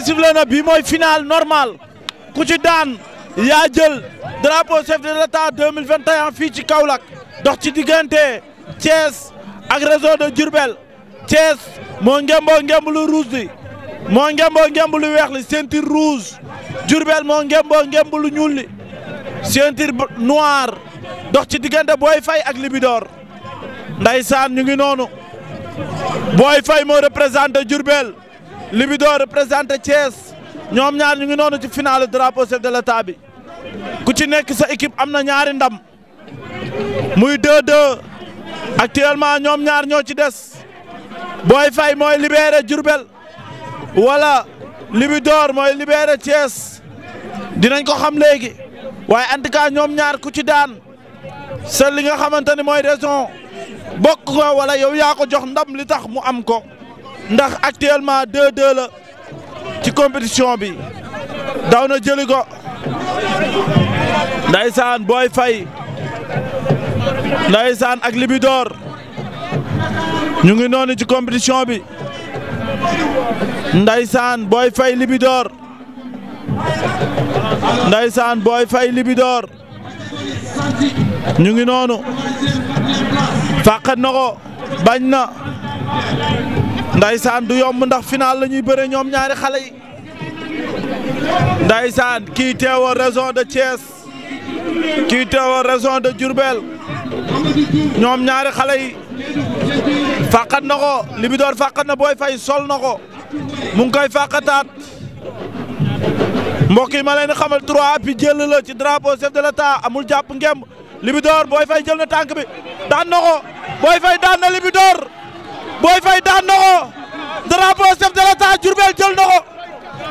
bi mooy final normal ku ci daan yaa jël drapeau chef de l'État 2021 fii ci Kaolack dox ci diggante Thiès ak réseau de Diourbel Thiès moo ngemboo ngemb lu rouge li moo ngemboo ngemb lu weex li ceinture moo ngemboo ngemb lu ñuul li dox ci diggante booy fay ak Libidor ndaysaan ñu ngi noonu Boy Faye moo représenté Diourbel Libidor représenté Thiès ñoom ñaar ñu ngi noonu ci finale drapeau chef de l'État bi ku ci nekk sa équipe am na ñaari ndam muy 2-2 actuellement ñoom ñaar ñoo ci des Boy Faye mooy libéré Diourbel wala Libidor mooy libéré Thiès dinañ ko xam léegi waaye en ñoom ñaar ku ci daan sa li nga xamante ni mooy raison bokk ko wala yow yaa ko jox ndam li tax mu am ko. ndax actuellement 2-2 la ci compétition bi daw na jëli ko ndaysaan booy fay ndaysaan ak libidoor ñu ngi noonu ci compétition bi ndaysaan booy fay libidoor ndaysaan booy fay libidoor ñu ngi noonu fàqat na ko bañ na ndaysaan du yomb ndax final la ñuy bëre ñoom ñaari xale yi ndaysaan kii teewoo raison de Thiès kii teewoo région de Diourbel ñoom ñaari xale yi fàqat na ko Libidor fàqat na booy fay sol na ko mu ngi koy fàqataat mbokk yi ma leen xamal trois bi jël la ci drapeau chef de l'État amul jàpp ngemb Libidor Boy Faye jël na tànk bi daan na ko Boy daan na Libidor Boy Faye daan na ko drapeau chef de l'État Diourbel jël na ko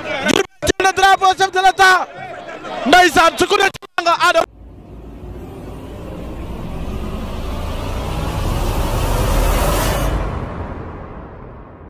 Diourbel jël na drapeau chef de l'État ndeysaan su ko ne